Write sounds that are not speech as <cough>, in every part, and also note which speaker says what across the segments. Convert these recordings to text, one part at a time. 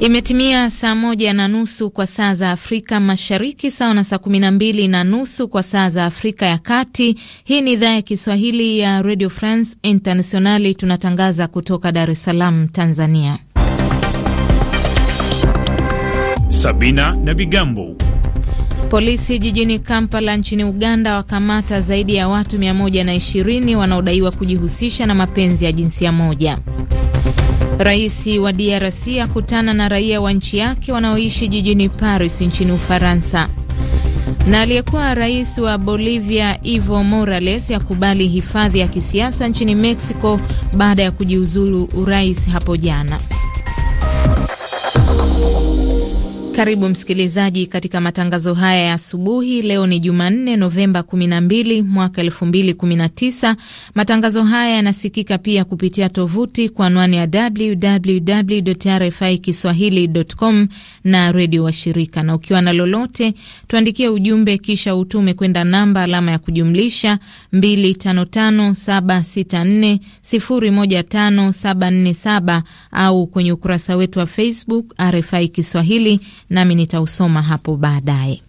Speaker 1: Imetimia saa moja na nusu kwa saa za Afrika Mashariki, sawa na saa kumi na mbili na nusu kwa saa za Afrika ya Kati. Hii ni idhaa ya Kiswahili ya Radio France Internationali, tunatangaza kutoka Dar es Salaam, Tanzania.
Speaker 2: Sabina na Bigambo.
Speaker 1: Polisi jijini Kampala nchini Uganda wakamata zaidi ya watu 120 wanaodaiwa kujihusisha na mapenzi ya jinsia moja. Rais wa DRC akutana na raia wa nchi yake wanaoishi jijini Paris nchini Ufaransa. Na aliyekuwa rais wa Bolivia Evo Morales akubali hifadhi ya kisiasa nchini Mexico baada ya kujiuzulu urais hapo jana. Karibu msikilizaji katika matangazo haya ya asubuhi. Leo ni Jumanne, Novemba 12 mwaka 2019. Matangazo haya yanasikika pia kupitia tovuti kwa anwani ya www RFI kiswahili.com na redio washirika, na ukiwa na lolote tuandikie ujumbe kisha utume kwenda namba alama ya kujumlisha 255764015747 au kwenye ukurasa wetu wa Facebook RFI Kiswahili nami nitausoma hapo baadaye.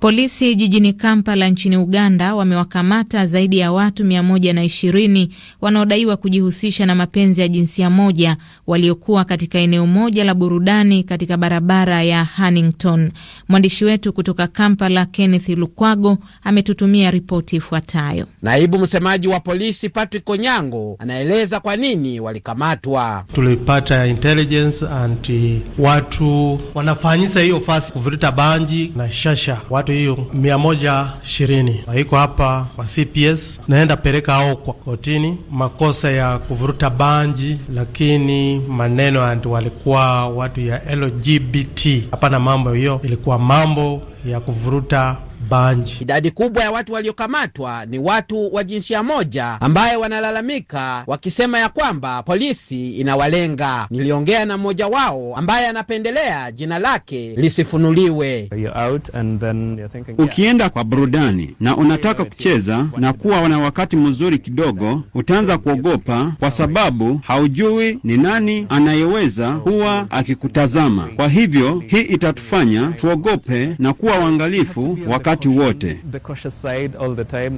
Speaker 1: Polisi jijini Kampala nchini Uganda wamewakamata zaidi ya watu 120 wanaodaiwa kujihusisha na mapenzi ya jinsia moja waliokuwa katika eneo moja la burudani katika barabara ya Huntington. Mwandishi wetu kutoka Kampala, Kenneth Lukwago, ametutumia ripoti ifuatayo.
Speaker 3: Naibu msemaji wa polisi Patrick Onyango anaeleza kwa nini walikamatwa.
Speaker 4: Tulipata intelligence anti watu wanafanyisa hiyo fasi kuvuruta banji na shasha watu hiyo mia moja ishirini waiko hapa kwa CPS, naenda peleka ao kwa kotini, makosa ya kuvuruta banji, lakini maneno and walikuwa watu ya LGBT. Hapana, mambo hiyo ilikuwa mambo ya kuvuruta Kabanji. Idadi
Speaker 3: kubwa ya watu waliokamatwa ni watu wa jinsia moja, ambaye wanalalamika wakisema ya kwamba polisi inawalenga. Niliongea na mmoja wao ambaye anapendelea jina lake lisifunuliwe. Ukienda kwa burudani
Speaker 5: na unataka kucheza na kuwa na wakati mzuri kidogo, utaanza kuogopa kwa sababu haujui ni nani anayeweza kuwa akikutazama. Kwa hivyo hii itatufanya tuogope na kuwa waangalifu wakati wakati wote.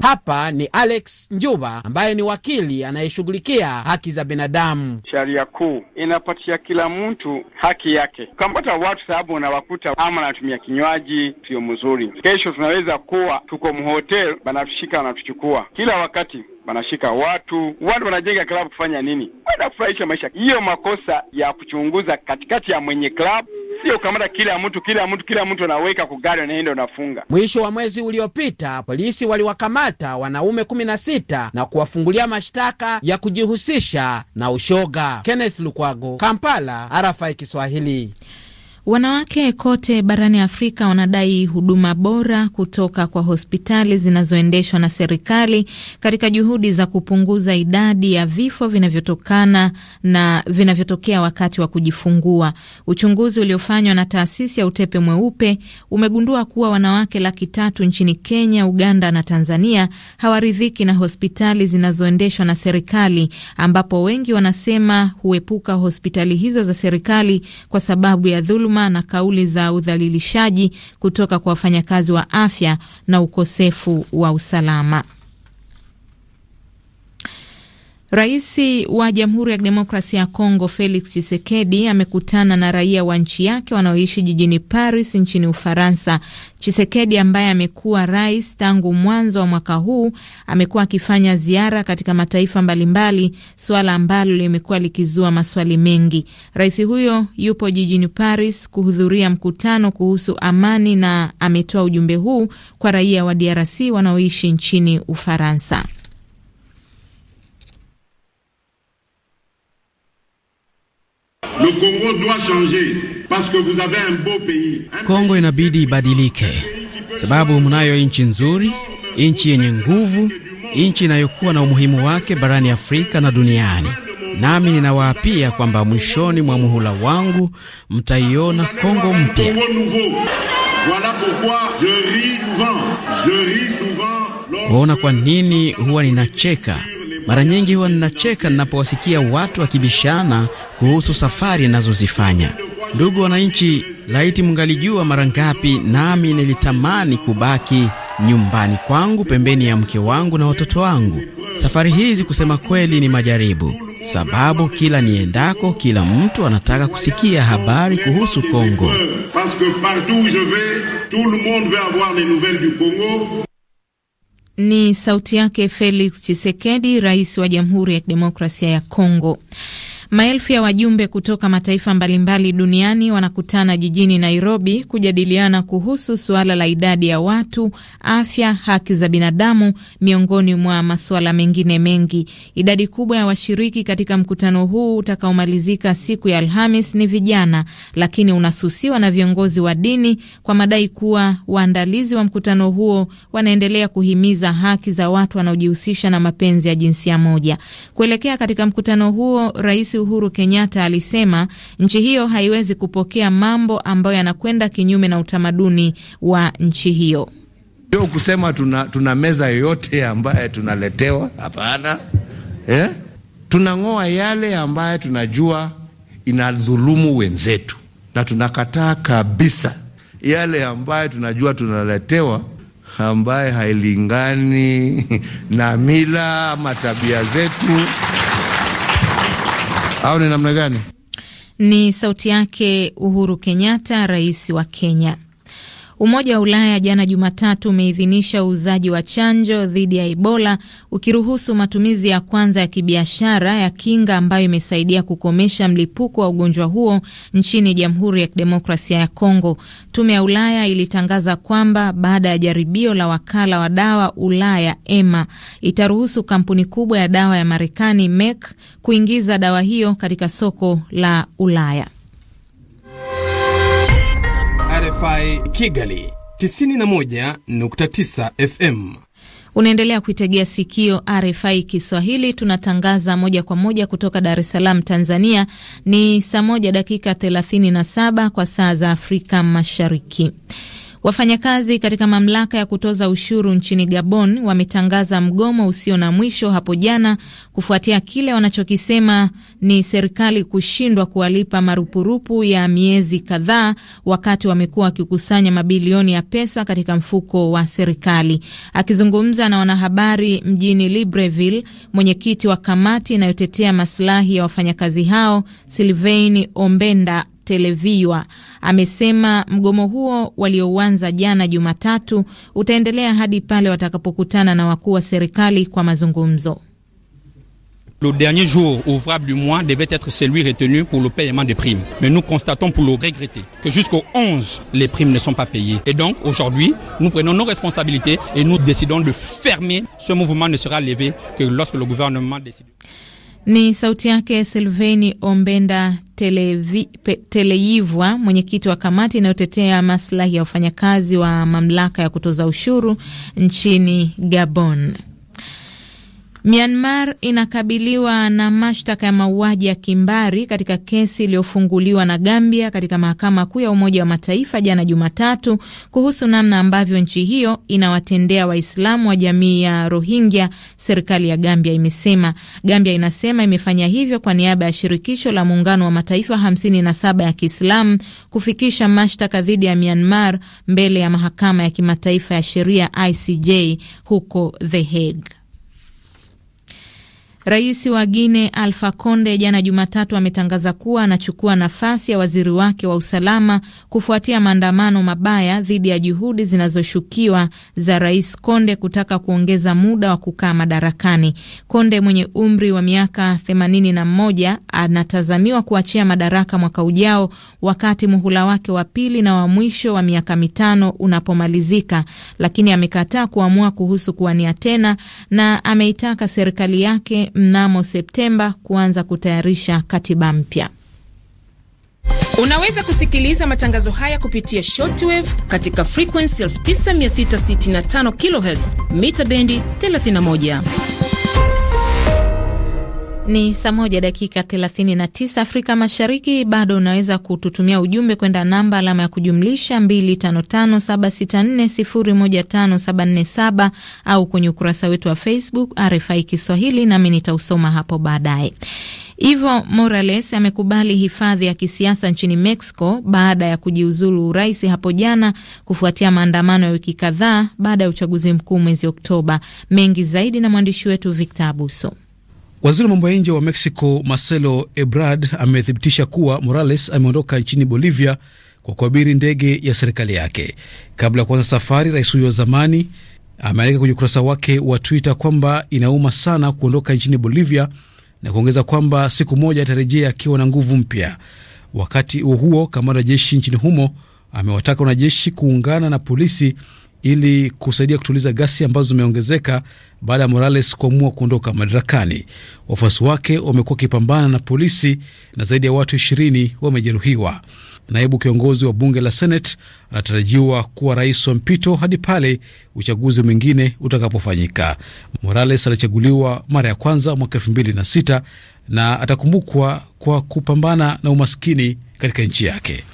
Speaker 3: Hapa ni Alex Njuba ambaye ni wakili anayeshughulikia haki za binadamu.
Speaker 2: sharia kuu inapatia kila mtu haki yake. Ukampata watu sababu unawakuta ama wanatumia kinywaji sio mzuri, kesho tunaweza kuwa tuko mhotel, banatushika wanatuchukua kila wakati wanashika watu watu, wanajenga klabu kufanya nini? Wanafurahisha maisha. Hiyo makosa ya kuchunguza katikati ya mwenye klabu sio kamata kila mtu kila mtu kila mtu anaweka kugari, anaenda unafunga.
Speaker 3: Mwisho wa mwezi uliopita polisi waliwakamata wanaume kumi na sita na kuwafungulia mashtaka ya kujihusisha na ushoga. Kenneth Lukwago, Kampala, RFI Kiswahili.
Speaker 1: Wanawake kote barani Afrika wanadai huduma bora kutoka kwa hospitali zinazoendeshwa na serikali katika juhudi za kupunguza idadi ya vifo vinavyotokana na vinavyotokea wakati wa kujifungua. Uchunguzi uliofanywa na taasisi ya Utepe Mweupe umegundua kuwa wanawake laki tatu nchini Kenya, Uganda na Tanzania hawaridhiki na hospitali zinazoendeshwa na serikali, ambapo wengi wanasema huepuka hospitali hizo za serikali kwa sababu ya dhuluma dhuluma na kauli za udhalilishaji kutoka kwa wafanyakazi wa afya na ukosefu wa usalama. Rais wa Jamhuri ya Kidemokrasia ya Kongo Felix Tshisekedi amekutana na raia wa nchi yake wanaoishi jijini Paris nchini Ufaransa. Tshisekedi ambaye amekuwa rais tangu mwanzo wa mwaka huu amekuwa akifanya ziara katika mataifa mbalimbali, suala ambalo limekuwa likizua maswali mengi. Rais huyo yupo jijini Paris kuhudhuria mkutano kuhusu amani na ametoa ujumbe huu kwa raia wa DRC wanaoishi nchini Ufaransa.
Speaker 5: Kongo inabidi ibadilike, sababu mnayo nchi nzuri, nchi yenye nguvu, nchi inayokuwa na umuhimu wake barani Afrika na duniani. Nami ninawaapia kwamba mwishoni mwa muhula wangu mtaiona Kongo mpya. Waona kwa nini huwa ninacheka mara nyingi huwa ninacheka ninapowasikia watu wakibishana kuhusu safari anazozifanya. Ndugu wananchi, laiti mungalijua mara ngapi nami nilitamani kubaki nyumbani kwangu pembeni ya mke wangu na watoto wangu. Safari hizi kusema kweli ni majaribu, sababu kila niendako, kila mtu anataka kusikia habari kuhusu Kongo.
Speaker 1: Ni sauti yake Felix chisekedi rais wa Jamhuri ya Kidemokrasia ya Kongo. Maelfu ya wajumbe kutoka mataifa mbalimbali duniani wanakutana jijini Nairobi kujadiliana kuhusu suala la idadi ya watu, afya, haki za binadamu, miongoni mwa masuala mengine mengi. Idadi kubwa ya washiriki katika mkutano huu utakaomalizika siku ya Alhamis ni vijana, lakini unasusiwa na viongozi wa dini kwa madai kuwa waandalizi wa mkutano huo wanaendelea kuhimiza haki za watu wanaojihusisha na mapenzi ya jinsia moja. Kuelekea katika mkutano huo, rais Uhuru Kenyatta alisema nchi hiyo haiwezi kupokea mambo ambayo yanakwenda kinyume na utamaduni wa nchi hiyo.
Speaker 5: Sio kusema tuna, tuna meza yoyote ambaye tunaletewa, hapana eh? Tunang'oa yale ambaye tunajua inadhulumu wenzetu, na tunakataa
Speaker 3: kabisa
Speaker 5: yale ambaye tunajua tunaletewa ambaye
Speaker 6: hailingani <laughs> na mila ama tabia zetu au ni namna gani?
Speaker 1: Ni sauti yake Uhuru Kenyatta, rais wa Kenya. Umoja wa Ulaya jana Jumatatu umeidhinisha uuzaji wa chanjo dhidi ya Ebola ukiruhusu matumizi ya kwanza ya kibiashara ya kinga ambayo imesaidia kukomesha mlipuko wa ugonjwa huo nchini Jamhuri ya Kidemokrasia ya Kongo. Tume ya Ulaya ilitangaza kwamba baada ya jaribio la wakala wa dawa Ulaya EMA itaruhusu kampuni kubwa ya dawa ya Marekani Merck kuingiza dawa hiyo katika soko la Ulaya.
Speaker 3: RFI Kigali 91.9 FM.
Speaker 1: Unaendelea kuitegea sikio RFI Kiswahili, tunatangaza moja kwa moja kutoka Dar es Salaam, Tanzania. Ni saa moja dakika 37 kwa saa za Afrika Mashariki. Wafanyakazi katika mamlaka ya kutoza ushuru nchini Gabon wametangaza mgomo usio na mwisho hapo jana kufuatia kile wanachokisema ni serikali kushindwa kuwalipa marupurupu ya miezi kadhaa, wakati wamekuwa wakikusanya mabilioni ya pesa katika mfuko wa serikali. Akizungumza na wanahabari mjini Libreville, mwenyekiti wa kamati inayotetea masilahi ya wafanyakazi hao Sylvain Ombenda Le
Speaker 2: dernier jour ouvrable du mois devait être celui retenu pour le paiement des primes. Mais nous constatons pour le regretter que jusqu'au 11, les primes ne sont pas payées. Et donc, aujourd'hui, nous prenons nos responsabilités et nous décidons de fermer. Ce mouvement ne sera levé que lorsque le gouvernement décide.
Speaker 1: Ni sauti yake Silveni Ombenda Televi, pe, Teleivwa, mwenyekiti wa kamati inayotetea maslahi ya wafanyakazi wa mamlaka ya kutoza ushuru nchini Gabon. Myanmar inakabiliwa na mashtaka ya mauaji ya kimbari katika kesi iliyofunguliwa na Gambia katika mahakama kuu ya Umoja wa Mataifa jana Jumatatu kuhusu namna ambavyo nchi hiyo inawatendea Waislamu wa jamii ya Rohingya, serikali ya Gambia imesema. Gambia inasema imefanya hivyo kwa niaba ya shirikisho la muungano wa mataifa 57 ya Kiislamu kufikisha mashtaka dhidi ya Myanmar mbele ya mahakama ya kimataifa ya sheria ICJ huko The Hague. Rais wa Guine Alfa Conde jana Jumatatu ametangaza kuwa anachukua nafasi ya waziri wake wa usalama kufuatia maandamano mabaya dhidi ya juhudi zinazoshukiwa za Rais Conde kutaka kuongeza muda wa kukaa madarakani. Konde mwenye umri wa miaka 81 anatazamiwa kuachia madaraka mwaka ujao, wakati muhula wake wa pili na wa mwisho wa miaka mitano unapomalizika, lakini amekataa kuamua kuhusu kuwania tena na ameitaka serikali yake mnamo Septemba kuanza kutayarisha katiba mpya. Unaweza kusikiliza matangazo haya kupitia shortwave katika frequency 9665 kHz mita bendi 31. Ni saa moja dakika 39 Afrika Mashariki. Bado unaweza kututumia ujumbe kwenda namba alama ya kujumlisha 255764015747 au kwenye ukurasa wetu wa Facebook RFI Kiswahili, nami nitausoma hapo baadaye. Ivo Morales amekubali hifadhi ya kisiasa nchini Mexico baada ya kujiuzulu urais hapo jana kufuatia maandamano ya wiki kadhaa baada ya uchaguzi mkuu mwezi Oktoba. Mengi zaidi na mwandishi wetu Victor Abuso.
Speaker 5: Waziri wa mambo ya nje wa Mexico Marcelo Ebrard amethibitisha kuwa Morales ameondoka nchini Bolivia kwa kuabiri ndege ya serikali yake. Kabla ya kuanza safari, rais huyo wa zamani ameandika kwenye ukurasa wake wa Twitter kwamba inauma sana kuondoka nchini Bolivia na kuongeza kwamba siku moja atarejea akiwa na nguvu mpya. Wakati huo huo, kamanda wa jeshi nchini humo amewataka wanajeshi kuungana na polisi ili kusaidia kutuliza ghasia ambazo zimeongezeka baada ya Morales kuamua kuondoka madarakani. Wafuasi wake wamekuwa wakipambana na polisi na zaidi ya watu ishirini wamejeruhiwa. Naibu kiongozi wa bunge la Senate anatarajiwa kuwa rais wa mpito hadi pale uchaguzi mwingine utakapofanyika. Morales alichaguliwa mara ya kwanza mwaka elfu mbili na sita na atakumbukwa kwa kupambana na umaskini katika nchi yake.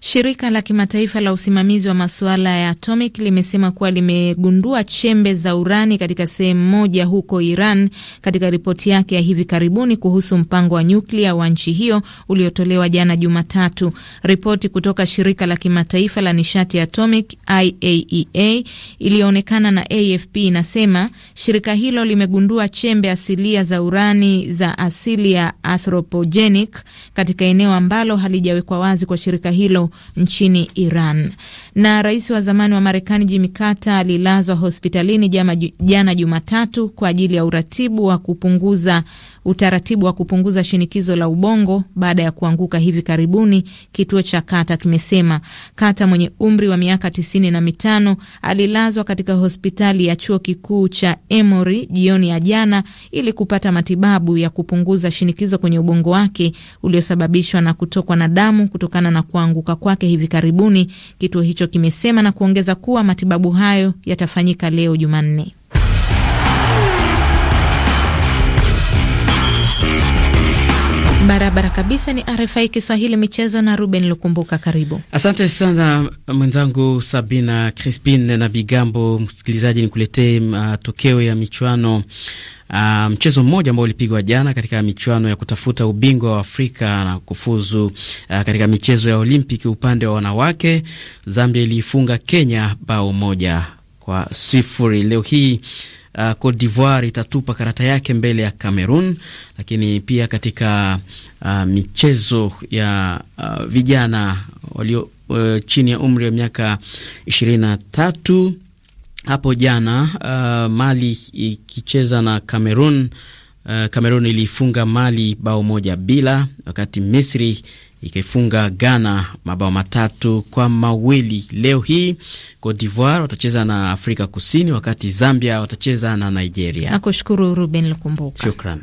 Speaker 1: Shirika la kimataifa la usimamizi wa masuala ya atomic limesema kuwa limegundua chembe za urani katika sehemu moja huko Iran katika ripoti yake ya hivi karibuni kuhusu mpango wa nyuklia wa nchi hiyo uliotolewa jana Jumatatu. Ripoti kutoka shirika la kimataifa la nishati ya atomic IAEA iliyoonekana na AFP inasema shirika hilo limegundua chembe asilia za urani za asili ya anthropogenic katika eneo ambalo halijawekwa wazi kwa shirika hilo nchini Iran. Na rais wa zamani wa Marekani Jimmy Carter alilazwa hospitalini jama, jana Jumatatu kwa ajili ya uratibu wa kupunguza utaratibu wa kupunguza shinikizo la ubongo baada ya kuanguka hivi karibuni, kituo cha Kata kimesema. Kata mwenye umri wa miaka tisini na mitano alilazwa katika hospitali ya chuo kikuu cha Emory jioni ya jana ili kupata matibabu ya kupunguza shinikizo kwenye ubongo wake uliosababishwa na kutokwa na damu kutokana na kuanguka kwake hivi karibuni, kituo hicho kimesema na kuongeza kuwa matibabu hayo yatafanyika leo Jumanne. Barabara kabisa. Ni RFI Kiswahili michezo na Ruben Lukumbuka, karibu.
Speaker 5: Asante sana mwenzangu Sabina Crispin na Bigambo. Msikilizaji, nikuletee matokeo uh, ya michuano Uh, mchezo mmoja ambao ulipigwa jana katika michuano ya kutafuta ubingwa wa Afrika na kufuzu uh, katika michezo ya Olimpiki upande wa wanawake, Zambia iliifunga Kenya bao moja kwa sifuri. Leo hii uh, Cote d'Ivoire itatupa karata yake mbele ya Cameroon. Lakini pia katika uh, michezo ya uh, vijana walio uh, chini ya umri wa miaka ishirini na tatu hapo jana uh, Mali ikicheza na Cameroon. Uh, Cameroon ilifunga Mali bao moja bila, wakati Misri ikaifunga Ghana mabao matatu kwa mawili. Leo hii Cote d'Ivoire watacheza na Afrika Kusini, wakati Zambia watacheza na Nigeria.
Speaker 1: Nakushukuru Ruben Lukumbuka, shukran.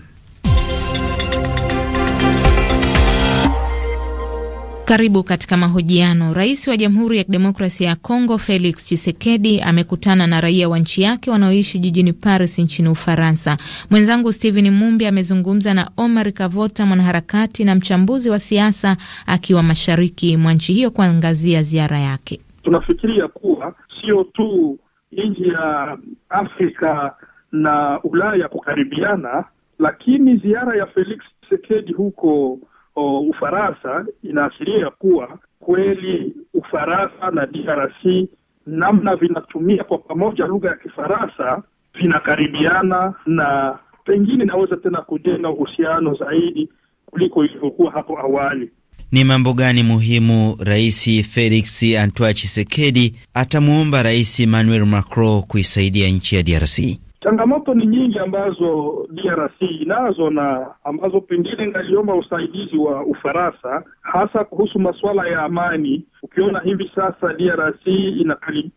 Speaker 1: Karibu katika mahojiano. Rais wa Jamhuri ya Kidemokrasia ya Kongo Felix Tshisekedi amekutana na raia wa nchi yake wanaoishi jijini Paris nchini Ufaransa. Mwenzangu stehen Mumbi amezungumza na Omar Kavota, mwanaharakati na mchambuzi wa siasa, akiwa mashariki mwa nchi hiyo kuangazia ziara yake.
Speaker 2: Tunafikiria kuwa sio tu nchi ya Afrika na Ulaya kukaribiana, lakini ziara ya Felix Tshisekedi huko o, Ufaransa inaashiria kuwa kweli Ufaransa na DRC namna vinatumia kwa pamoja lugha ya Kifaransa vinakaribiana na pengine inaweza tena kujenga uhusiano zaidi kuliko ilivyokuwa hapo awali.
Speaker 5: Ni mambo gani muhimu Rais Felix Antoine Tshisekedi atamwomba Rais Emmanuel Macron kuisaidia nchi ya DRC?
Speaker 2: Changamoto ni nyingi ambazo DRC inazo na ambazo pengine ngaliomba usaidizi wa Ufaransa, hasa kuhusu masuala ya amani. Ukiona hivi sasa DRC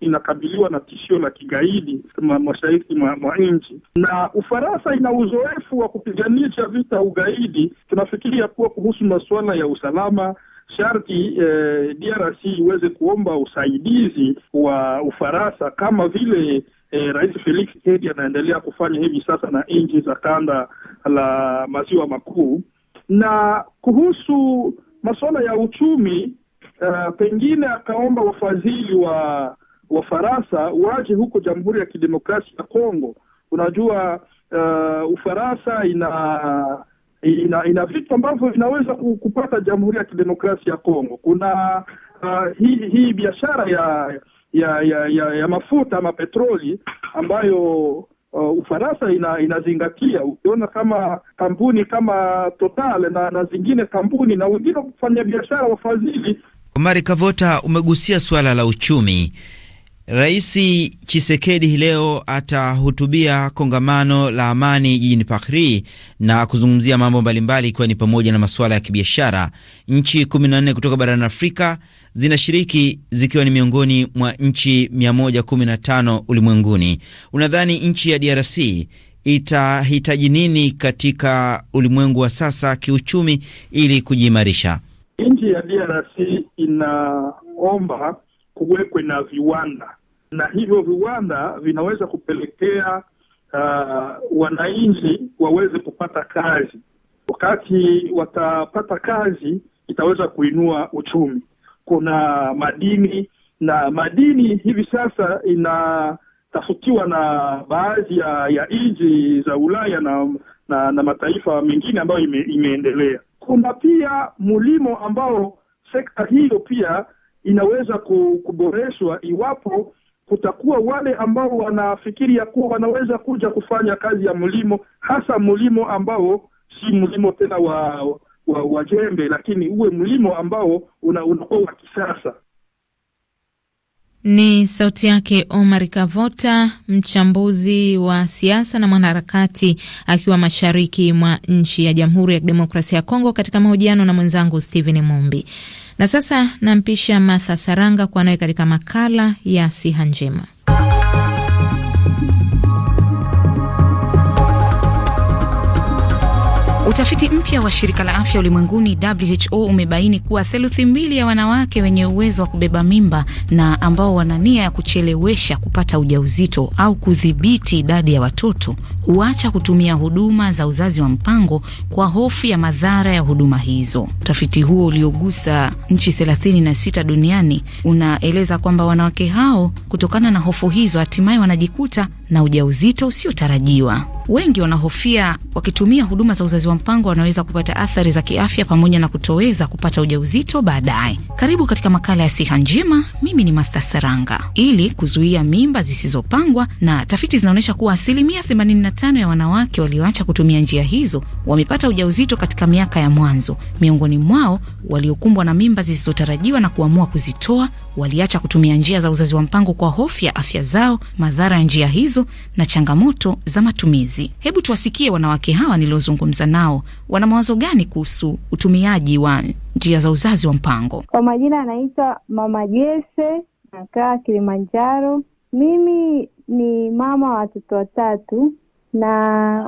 Speaker 2: inakabiliwa na tishio la kigaidi mashariki mwa, mwa nchi, na Ufaransa ina uzoefu wa kupiganisha vita ugaidi. Tunafikiria kuwa kuhusu masuala ya usalama sharti eh, DRC iweze kuomba usaidizi wa Ufaransa kama vile e, Rais Felix Tshisekedi anaendelea kufanya hivi sasa na nchi za kanda la maziwa makuu. Na kuhusu masuala ya uchumi uh, pengine akaomba wafadhili wa Wafaransa waje huko Jamhuri ya Kidemokrasia ya Kongo. Unajua uh, Ufaransa ina ina ina vitu ambavyo vinaweza kupata Jamhuri ya Kidemokrasia ya Kongo. Kuna uh, hii hii biashara ya ya ya ya, ya mafuta ama petroli ambayo uh, Ufaransa ina, inazingatia. Ukiona kama kampuni kama Total na, na zingine kampuni na wengine kufanya biashara wafadhili.
Speaker 5: Omari Kavota, umegusia suala la uchumi. Rais Chisekedi leo atahutubia kongamano la amani jijini Paris na kuzungumzia mambo mbalimbali ikiwa ni pamoja na masuala ya kibiashara. Nchi kumi na nne kutoka barani Afrika zinashiriki zikiwa ni miongoni mwa nchi 115 ulimwenguni. Unadhani nchi ya DRC itahitaji nini katika ulimwengu wa sasa kiuchumi ili kujiimarisha?
Speaker 2: Nchi ya DRC inaomba kuwekwe na viwanda na hivyo viwanda vinaweza kupelekea uh, wananchi waweze kupata kazi. Wakati watapata kazi, itaweza kuinua uchumi kuna madini na madini hivi sasa inatafutiwa na baadhi ya, ya nchi za Ulaya na, na na mataifa mengine ambayo ime, imeendelea. Kuna pia mulimo ambao sekta hiyo pia inaweza kuboreshwa iwapo kutakuwa wale ambao wanafikiri ya kuwa wanaweza kuja kufanya kazi ya mlimo, hasa mlimo ambao si mlimo tena wa wa, wa jembe, lakini uwe mlimo ambao unakuwa wa kisasa.
Speaker 1: Ni sauti yake Omar Kavota, mchambuzi wa siasa na mwanaharakati, akiwa mashariki mwa nchi ya Jamhuri ya Kidemokrasia ya Kongo, katika mahojiano na mwenzangu Steven Mumbi. Na sasa nampisha Martha Saranga kuwa nawe katika makala ya Siha Njema. Utafiti mpya wa shirika
Speaker 7: la afya ulimwenguni WHO umebaini kuwa theluthi mbili ya wanawake wenye uwezo wa kubeba mimba na ambao wana nia ya kuchelewesha kupata ujauzito au kudhibiti idadi ya watoto huacha kutumia huduma za uzazi wa mpango kwa hofu ya madhara ya huduma hizo. Utafiti huo uliogusa nchi 36 duniani unaeleza kwamba wanawake hao, kutokana na hofu hizo, hatimaye wanajikuta na ujauzito usiotarajiwa. Wengi wanahofia wakitumia huduma za uzazi wa mpango wanaweza kupata athari za kiafya pamoja na kutoweza kupata ujauzito baadaye. Karibu katika makala ya Siha Njema. Mimi ni Martha Saranga. Ili kuzuia mimba zisizopangwa, na tafiti zinaonyesha kuwa asilimia 85 ya wanawake walioacha kutumia njia hizo wamepata ujauzito katika miaka ya mwanzo. Miongoni mwao waliokumbwa na mimba zisizotarajiwa na kuamua kuzitoa waliacha kutumia njia za uzazi wa mpango kwa hofu ya afya zao, madhara ya njia hizo na changamoto za matumizi. Hebu tuwasikie wanawake hawa niliozungumza nao, wana mawazo gani kuhusu utumiaji wa njia za uzazi wa mpango. Kwa majina anaitwa Mama
Speaker 1: Jese, nakaa Kilimanjaro. Mimi ni mama wa watoto watatu na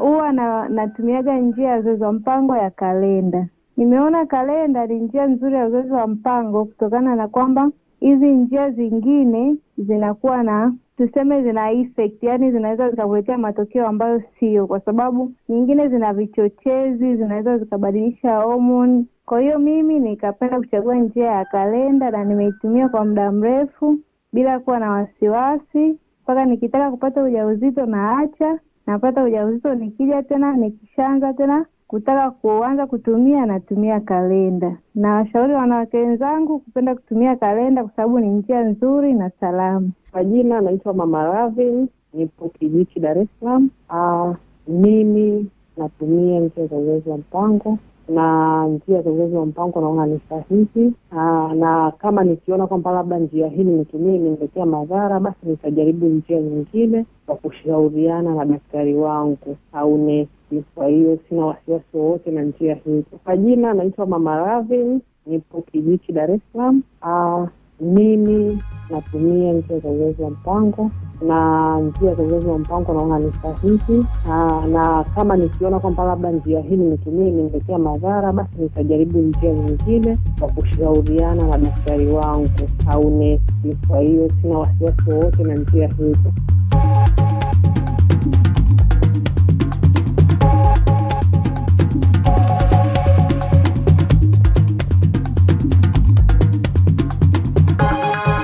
Speaker 1: huwa na, natumiaga njia ya uzazi wa mpango ya kalenda. Nimeona kalenda ni njia nzuri ya uzazi wa mpango kutokana na kwamba hizi njia zingine zinakuwa na tuseme zina effect, yani zinaweza zikakuletea matokeo ambayo sio, kwa sababu nyingine zina vichochezi, zinaweza zikabadilisha homoni. Kwa hiyo mimi nikapenda kuchagua njia ya kalenda na nimeitumia kwa muda mrefu bila kuwa na wasiwasi, mpaka nikitaka kupata ujauzito naacha, napata ujauzito, nikija tena nikishaanza tena kutaka kuanza kutumia anatumia kalenda, na washauri wanawake wenzangu kupenda kutumia kalenda kwa sababu ni njia nzuri na salama. Kwa jina naitwa Mama Ravi, nipo Kijiji, Dar es Salaam. Uh, mimi natumia njia za uzazi wa mpango na njia za uzazi wa mpango naona ni sahihi, ah, na kama nikiona kwamba labda njia hii nimetumia imeniletea madhara, basi nitajaribu njia nyingine kwa kushauriana na daktari wangu au nesi. Kwa hiyo sina wasiwasi wowote na njia hii. Kwa jina naitwa Mama Ravin, nipo Kijiji, Dar es Salaam. Ah, mimi natumia njia za uzazi wa mpango na njia za uzazi wa mpango naona ni sahihi, ah, na kama nikiona kwamba labda njia hii nimetumia imeniletea madhara, basi nitajaribu njia nyingine kwa kushauriana na daktari wangu au
Speaker 6: nesi. Kwa hiyo sina wasiwasi wowote na njia hizo.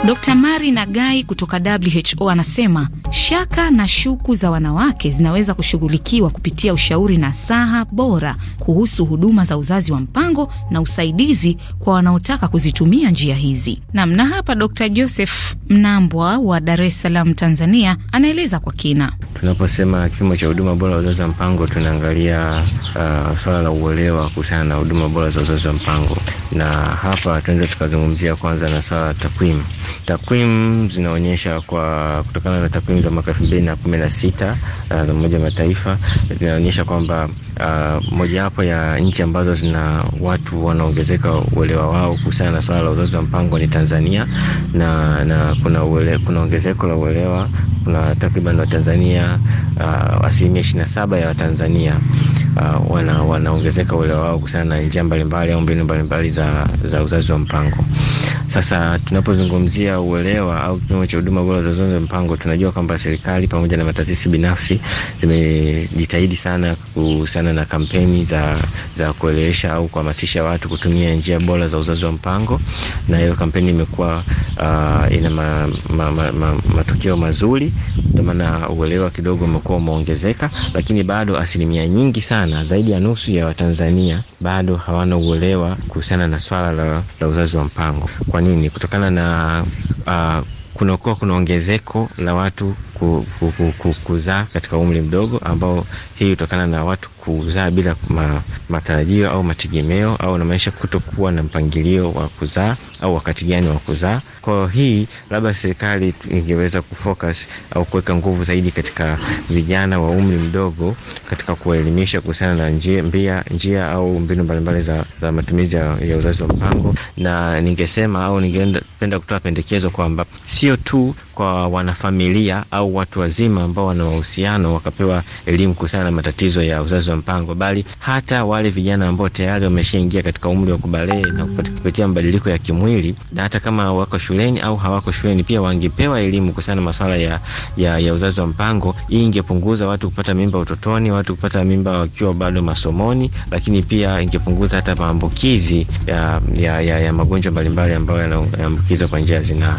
Speaker 7: Dr. Mari Nagai kutoka WHO anasema shaka na shuku za wanawake zinaweza kushughulikiwa kupitia ushauri na saha bora kuhusu huduma za uzazi wa mpango na usaidizi kwa wanaotaka kuzitumia njia hizi. Nam na hapa Dr. Joseph Mnambwa wa Dar es Salaam, Tanzania anaeleza kwa kina.
Speaker 6: Tunaposema kipimo cha huduma bora za uzazi wa mpango, tunaangalia uh, swala la uelewa kuhusiana na huduma bora za uzazi wa mpango, na hapa tunaweza tukazungumzia kwanza na swala la takwimu. Takwimu zinaonyesha kwa kutokana na takwimu za mwaka elfu mbili na na kumi sita uh, za Umoja wa Mataifa zinaonyesha kwamba uh, mojawapo ya nchi ambazo zina watu wanaongezeka uelewa wao kuhusiana na swala la uzazi wa mpango ni Tanzania na, na kuna, uwele, kuna ongezeko la uelewa kuna takriban Watanzania uh, asilimia ishirini na saba ya Watanzania uh, wana wanaongezeka uelewa wao kuhusiana na njia mbalimbali au mbinu mbalimbali za, za uzazi wa mpango. Sasa tunapozungumzia uelewa au kipimo cha huduma bora za uzazi wa mpango, tunajua kwamba serikali pamoja na mataasisi binafsi zimejitahidi sana kuhusiana na kampeni za, za kuelewesha au kuhamasisha watu kutumia njia bora za uzazi wa mpango, na hiyo kampeni imekuwa uh, ina ma, ma, ma, ma, matokeo mazuri ndio maana uelewa kidogo umekuwa umeongezeka, lakini bado asilimia nyingi sana, zaidi ya nusu ya Watanzania bado hawana uelewa kuhusiana na swala la, la uzazi wa mpango. Kwa nini? Kutokana na uh, kunakuwa kuna ongezeko la watu kuzaa katika umri mdogo, ambao hii hutokana na watu kuzaa bila ma, matarajio au mategemeo au na maisha kutokuwa na mpangilio wa kuzaa au wakati gani wa kuzaa. Kwa hii labda serikali ingeweza kufocus au kuweka nguvu zaidi katika vijana wa umri mdogo katika kuwaelimisha kuhusiana na njia, mbia, njia au mbinu mbalimbali za, za matumizi ya, ya uzazi wa mpango, na ningesema au ningependa kutoa pendekezo kwamba sio tu kwa wanafamilia au au watu wazima ambao wana mahusiano wakapewa elimu kuhusiana na matatizo ya uzazi wa mpango, bali hata wale vijana ambao tayari wameshaingia katika umri wa kubalehe na kupitia mabadiliko ya kimwili, na hata kama wako shuleni au hawako shuleni, pia wangepewa elimu kuhusiana na masuala ya, ya, ya uzazi wa mpango. Hii ingepunguza watu kupata mimba utotoni, watu kupata mimba wakiwa bado masomoni, lakini pia ingepunguza hata maambukizi ya, ya, ya, ya magonjwa mbalimbali ambayo yanaambukizwa kwa njia ya zinaa.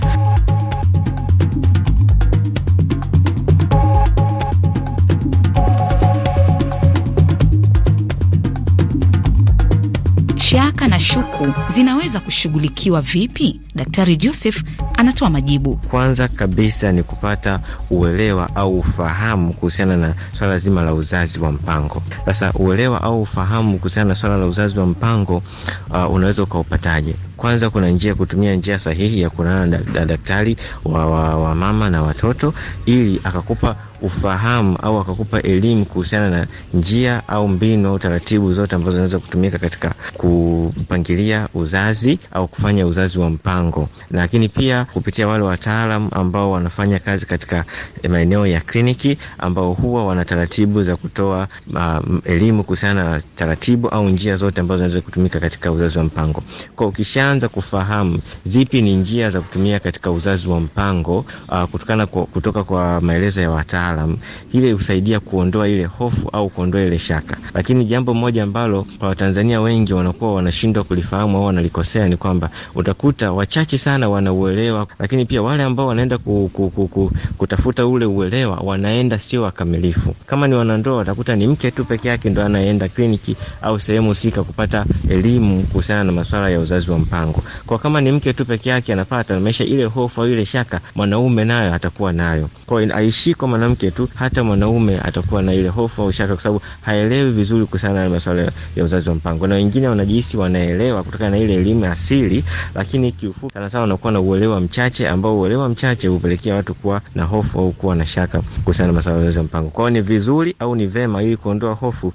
Speaker 7: shaka na shuku zinaweza kushughulikiwa vipi? Daktari Joseph anatoa majibu.
Speaker 6: Kwanza kabisa ni kupata uelewa au ufahamu kuhusiana na swala zima la uzazi wa mpango. Sasa uelewa au ufahamu kuhusiana na swala la uzazi wa mpango uh, unaweza ukaupataje? Kwanza kuna njia kutumia njia sahihi ya kunana na daktari wa, wa, wa mama na watoto ili akakupa ufahamu au akakupa elimu kuhusiana na njia au mbinu au taratibu zote ambazo zinaweza kutumika katika kupangilia uzazi au kufanya uzazi wa mpango. Lakini pia kupitia wale wataalam ambao wanafanya kazi katika maeneo ya kliniki ambao huwa wana taratibu za kutoa uh, elimu kuhusiana na taratibu au njia zote ambazo zinaweza kutumika katika uzazi wa mpango. Kwa ukisha tumeshaanza kufahamu zipi ni njia za kutumia katika uzazi wa mpango uh, kutokana kwa, kutoka kwa maelezo ya wataalam, ile husaidia kuondoa ile hofu au kuondoa ile shaka. Lakini jambo moja ambalo kwa Watanzania wengi wanakuwa wanashindwa kulifahamu au wanalikosea ni kwamba utakuta wachache sana wanauelewa, lakini pia wale ambao wanaenda ku, ku, ku, ku, kutafuta ule uelewa wanaenda sio wakamilifu. Kama ni wanandoa, utakuta ni mke tu peke yake ndo anaenda kliniki au sehemu husika kupata elimu kuhusiana na masuala ya uzazi wa mpango mipango. Kwa kama ni mke tu peke yake anapata maisha, ile hofu au ile shaka mwanaume nayo atakuwa nayo. Kwa hiyo aishi kwa mwanamke tu, hata mwanaume atakuwa na ile hofu au shaka, kwa sababu haelewi vizuri kuhusiana na masuala ya uzazi wa mpango, na wengine wanajihisi wanaelewa kutokana na ile elimu asili, lakini kiufupi sana sana wanakuwa na uelewa mchache, ambao uelewa mchache hupelekea watu kuwa na hofu au kuwa na shaka kuhusiana na masuala ya uzazi wa mpango. Kwa hiyo ni vizuri au ni vema, ili kuondoa hofu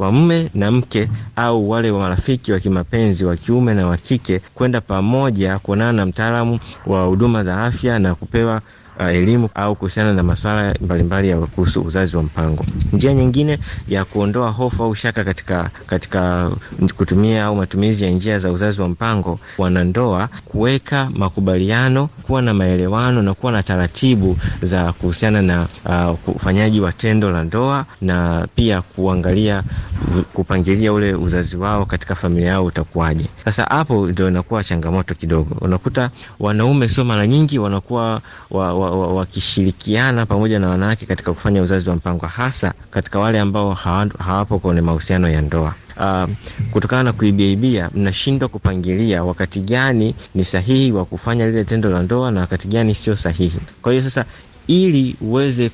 Speaker 6: kwa mme na mke au wale wa marafiki wa kimapenzi wa kiume na wa kike kwenda pamoja kuonana na mtaalamu wa huduma za afya na kupewa uh, elimu au kuhusiana na masuala mbalimbali ya kuhusu uzazi wa mpango. Njia nyingine ya kuondoa hofu au shaka katika katika kutumia au matumizi ya njia za uzazi wa mpango, wanandoa kuweka makubaliano, kuwa na maelewano na kuwa na taratibu za kuhusiana na uh, ufanyaji wa tendo la ndoa na pia kuangalia kupangilia ule uzazi wao katika familia yao utakuwaje. Sasa hapo ndio inakuwa changamoto kidogo, unakuta wanaume sio mara nyingi wanakuwa wa, wa, wakishirikiana wa, wa pamoja na wanawake katika kufanya uzazi wa mpango, hasa katika wale ambao hawapo kwenye mahusiano ya ndoa. Uh, kutokana na kuibiaibia, mnashindwa kupangilia wakati gani ni sahihi wa kufanya lile tendo la ndoa na wakati gani sio sahihi. Kwa hiyo sasa ili uweze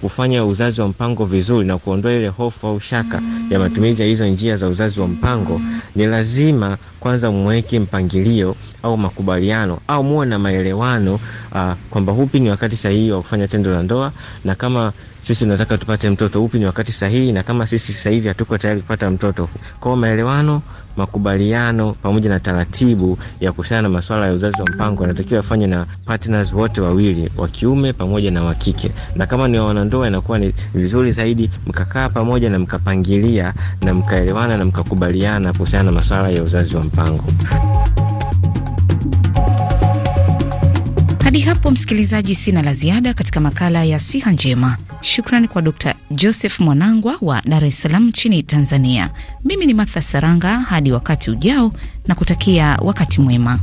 Speaker 6: kufanya uzazi wa mpango vizuri na kuondoa ile hofu au shaka ya matumizi ya hizo njia za uzazi wa mpango, ni lazima kwanza mweke mpangilio au makubaliano au muwe na maelewano ah, kwamba hupi ni wakati sahihi wa kufanya tendo la ndoa, na kama sisi tunataka tupate mtoto, upi ni wakati sahihi, na kama sisi sasa hivi hatuko tayari kupata mtoto. Kwa maelewano, makubaliano pamoja na taratibu ya kuhusiana na masuala ya uzazi wa mpango yanatakiwa yafanye na partners wote wawili, wa kiume pamoja na wa kike, na kama ni wanandoa inakuwa ni vizuri zaidi mkakaa pamoja na mkapangilia na mkaelewana na mkakubaliana kuhusiana na masuala ya uzazi wa mpango.
Speaker 7: Hadi hapo msikilizaji, sina la ziada katika makala ya siha njema. Shukrani kwa d Joseph Mwanangwa wa Dar es Salaam nchini Tanzania. Mimi ni Martha Saranga, hadi wakati ujao na kutakia wakati mwema.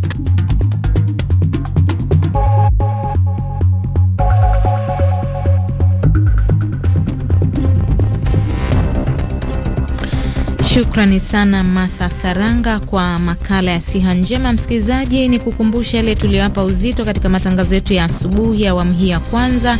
Speaker 1: Shukrani sana Martha Saranga kwa makala ya siha njema. Msikilizaji, ni kukumbusha yale tuliyoapa uzito katika matangazo yetu ya asubuhi ya awamu hii ya kwanza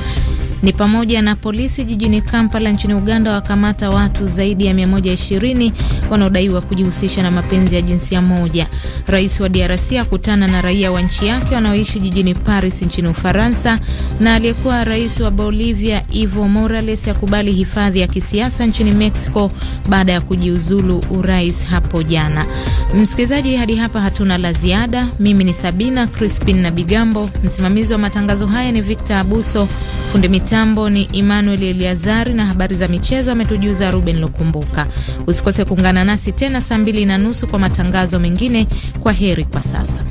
Speaker 1: ni pamoja na polisi jijini Kampala nchini Uganda wakamata watu zaidi ya 120 wanaodaiwa kujihusisha na mapenzi ya jinsia moja. Rais wa DRC akutana na raia wa nchi yake wanaoishi jijini Paris nchini Ufaransa, na aliyekuwa rais wa Bolivia Evo Morales akubali hifadhi ya kisiasa nchini Mexico baada ya kujiuzulu urais hapo jana. Msikilizaji, hadi hapa hatuna la ziada. Mimi ni Sabina Crispin na Bigambo, msimamizi wa matangazo haya ni Victor Abuso, fundi mitambo ni Emmanuel Eliazari, na habari za michezo ametujuza Ruben Lukumbuka. Usikose kuungana nasi tena saa mbili na nusu kwa matangazo mengine. Kwa heri kwa sasa.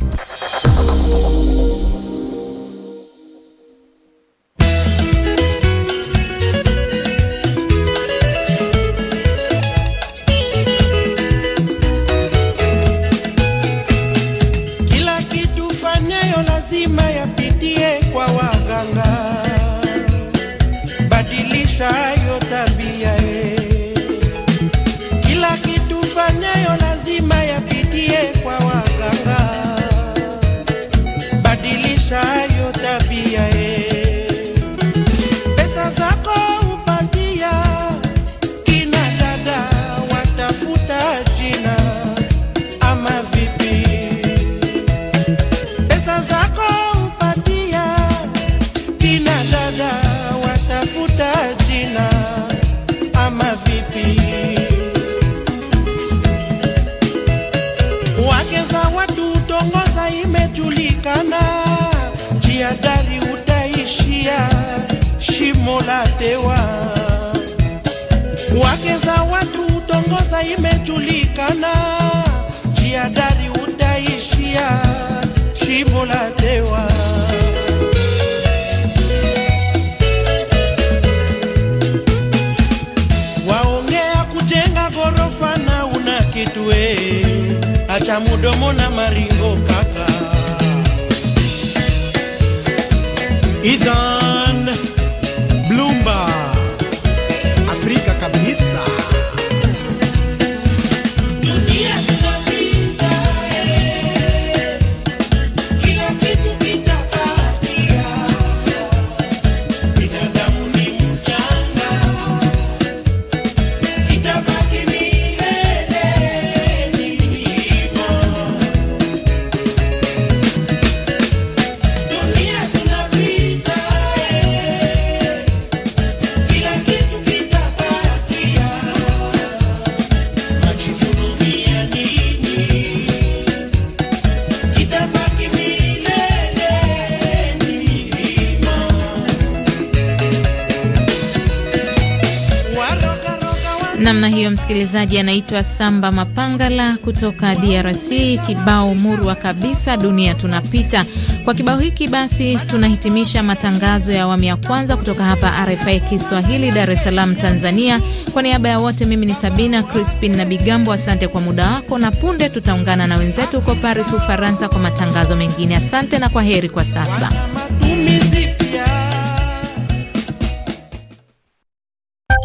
Speaker 4: kana njia dari utaishia shimo la tewa. Wake za watu utongoza imejulikana, njia dari utaishia shimo la tewa. Waongea kujenga gorofa na una kitwe, acha mudomo na maringo kaka done.
Speaker 1: msikilizaji anaitwa Samba Mapangala kutoka DRC, kibao murwa kabisa, dunia tunapita. Kwa kibao hiki basi tunahitimisha matangazo ya awamu ya kwanza kutoka hapa RFI Kiswahili, Dar es Salaam, Tanzania. Kwa niaba ya wote, mimi ni Sabina Crispin na Bigambo, asante kwa muda wako, na punde tutaungana na wenzetu huko Paris, Ufaransa, kwa matangazo mengine. Asante na kwa heri kwa sasa.